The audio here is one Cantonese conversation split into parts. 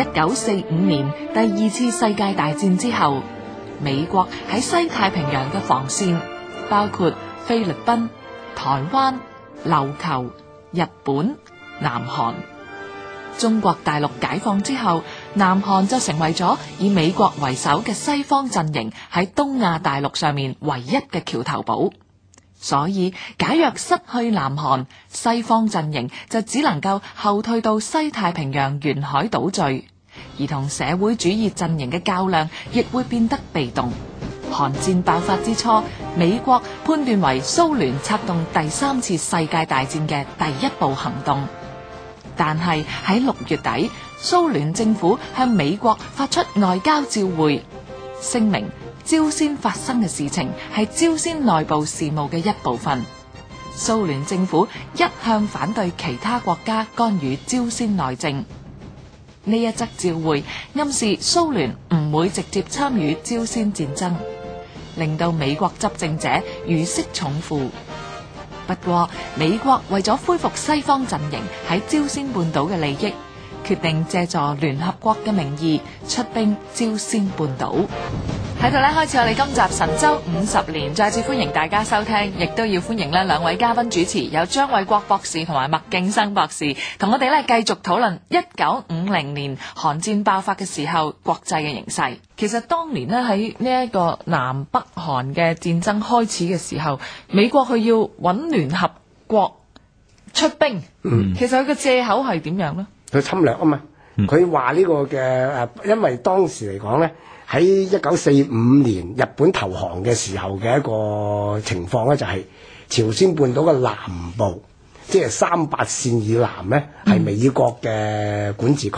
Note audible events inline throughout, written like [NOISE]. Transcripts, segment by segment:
一九四五年第二次世界大戰之後，美國喺西太平洋嘅防線包括菲律賓、台灣、琉球、日本、南韓。中國大陸解放之後，南韓就成為咗以美國為首嘅西方陣營喺東亞大陸上面唯一嘅橋頭堡。所以，假若失去南韓，西方陣營就只能夠後退到西太平洋沿海島嶼，而同社會主義陣營嘅較量亦會變得被動。韓戰爆發之初，美國判斷為蘇聯策動第三次世界大戰嘅第一步行動，但係喺六月底，蘇聯政府向美國發出外交照會聲明。朝鮮發生嘅事情係朝鮮內部事務嘅一部分。蘇聯政府一向反對其他國家干預朝鮮內政。呢一則照會暗示蘇聯唔會直接參與朝鮮戰爭，令到美國執政者如釋重負。不過，美國為咗恢復西方陣營喺朝鮮半島嘅利益，決定借助聯合國嘅名義出兵朝鮮半島。喺度呢，開始我哋今集《神州五十年》，再次歡迎大家收聽，亦都要歡迎呢兩位嘉賓主持，有張衛國博士同埋麥敬生博士，同我哋呢，繼續討論一九五零年韓戰爆發嘅時候國際嘅形勢。其實當年呢，喺呢一個南北韓嘅戰爭開始嘅時候，美國佢要揾聯合國出兵。嗯，其實佢個借口係點樣呢？佢侵略啊嘛，佢話呢個嘅誒，因為當時嚟講呢。喺一九四五年日本投降嘅時候嘅一個情況咧，就係朝鮮半島嘅南部，即係三八線以南呢，係美國嘅管治區；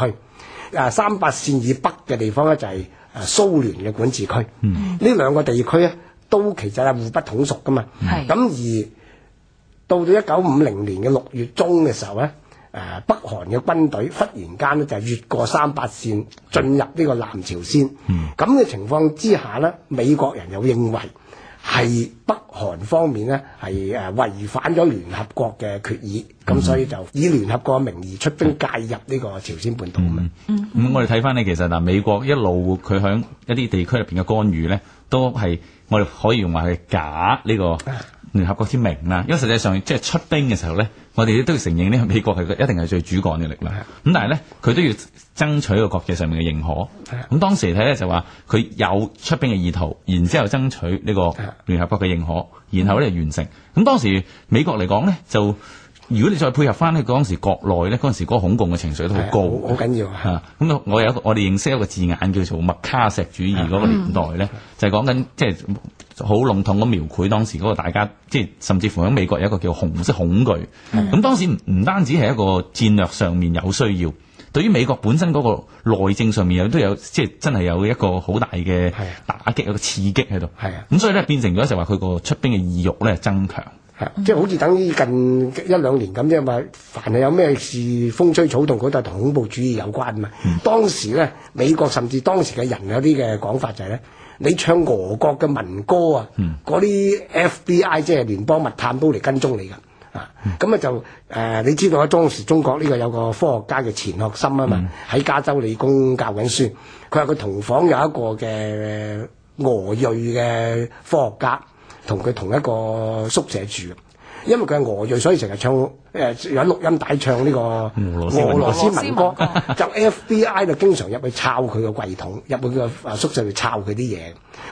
啊、嗯，三八線以北嘅地方咧，就係蘇聯嘅管治區。呢、嗯、兩個地區咧，都其實係互不統屬噶嘛。咁是而到到一九五零年嘅六月中嘅時候咧。誒，北韓嘅軍隊忽然間咧，就越過三八線，進入呢個南朝鮮。咁嘅、嗯、情況之下呢，美國人又認為係北韓方面咧係誒違反咗聯合國嘅決議，咁所以就以聯合國嘅名義出兵介入呢個朝鮮半島嘅。咁我哋睇翻呢，其實嗱，美國一路佢響一啲地區入邊嘅干預呢，都係我哋可以用話係假呢、呢個。聯合國之名啦，因為實際上即係出兵嘅時候咧，我哋都要承認呢，美國係一定係最主幹嘅力量。咁是的 但係咧，佢都要爭取個國際上面嘅認可。咁是的 當時睇咧就話佢有出兵嘅意圖，然之後爭取呢個聯合國嘅認可，然後咧完成。咁是的 當時美國嚟講咧，就如果你再配合翻咧，嗰陣時國內咧，嗰陣時嗰個恐共嘅情緒都好高，好緊要嚇、啊嗯。咁我我有我哋認識一個字眼叫做麥卡錫主義嗰個年代咧，就係講緊即係。好籠統咁描繪當時嗰個大家，即係甚至乎喺美國有一個叫紅色恐懼。咁當時唔唔單止係一個戰略上面有需要，對於美國本身嗰個內政上面，又都有即係真係有一個好大嘅打擊，啊、一個刺激喺度、啊。咁所以咧，變成咗就話佢個出兵嘅意欲咧增強。即係、啊啊啊、好似等於近一兩年咁，即係話凡係有咩事風吹草動，嗰度同恐怖主義有關啊嘛。嗯、當時咧，美國甚至當時嘅人有啲嘅講法就係、是、咧。你唱俄國嘅民歌啊，嗰啲 FBI 即係聯邦密探都嚟跟蹤你㗎，啊，咁啊、嗯、就誒、呃，你知道啊，當時中國呢個有個科學家嘅錢學森啊嘛，喺、嗯、加州理工教緊書，佢話佢同房有一個嘅俄裔嘅科學家，同佢同一個宿舍住。因為佢係俄裔，所以成日唱誒有、呃、錄音帶唱呢個俄羅斯民歌，歌就 FBI 就經常入去抄佢個櫃桶，入 [LAUGHS] 去個宿舍去抄佢啲嘢。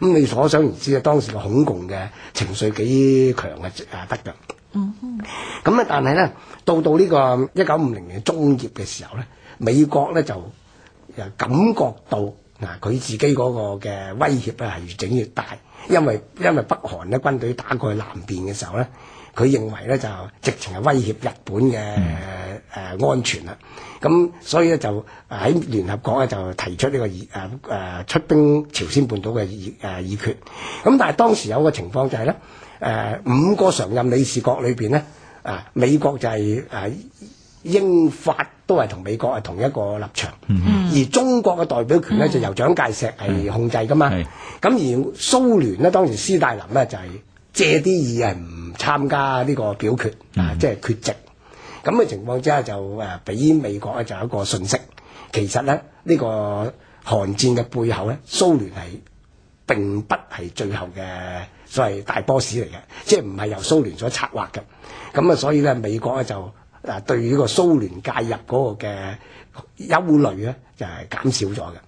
咁你可想而知啊，當時個恐共嘅情緒幾強啊啊得㗎。嗯哼，咁啊，但係呢，到到呢個一九五零年中葉嘅時候呢，美國呢就誒感覺到嗱佢、啊、自己嗰個嘅威脅啊係越整越大，因為因為北韓呢軍隊打過去南邊嘅時候呢。佢認為咧就直情係威脅日本嘅誒安全啦，咁的、呃啊、所以咧就喺聯合國咧就提出呢個議誒誒、啊、出兵朝鮮半島嘅誒議決。咁、啊、但係當時有個情況就係、是、咧，誒、啊、五個常任理事國裏邊呢，啊，美國就係、是、誒、啊、英法都係同美國係同一個立場，嗯、哼而中國嘅代表權呢、嗯、哼就由蔣介石係控制噶嘛。咁的而蘇聯呢，當時斯大林呢，就係借啲意係唔參加呢個表決，嗯、即係缺席咁嘅情況之下就，就誒俾美國咧就有一個信息，其實咧呢、呢個韓戰嘅背後咧，蘇聯係並不係最後嘅所謂大 boss 嚟嘅，即係唔係由蘇聯所策劃嘅。咁啊，所以咧美國咧就誒對呢個蘇聯介入嗰個嘅憂慮咧就係、是、減少咗嘅。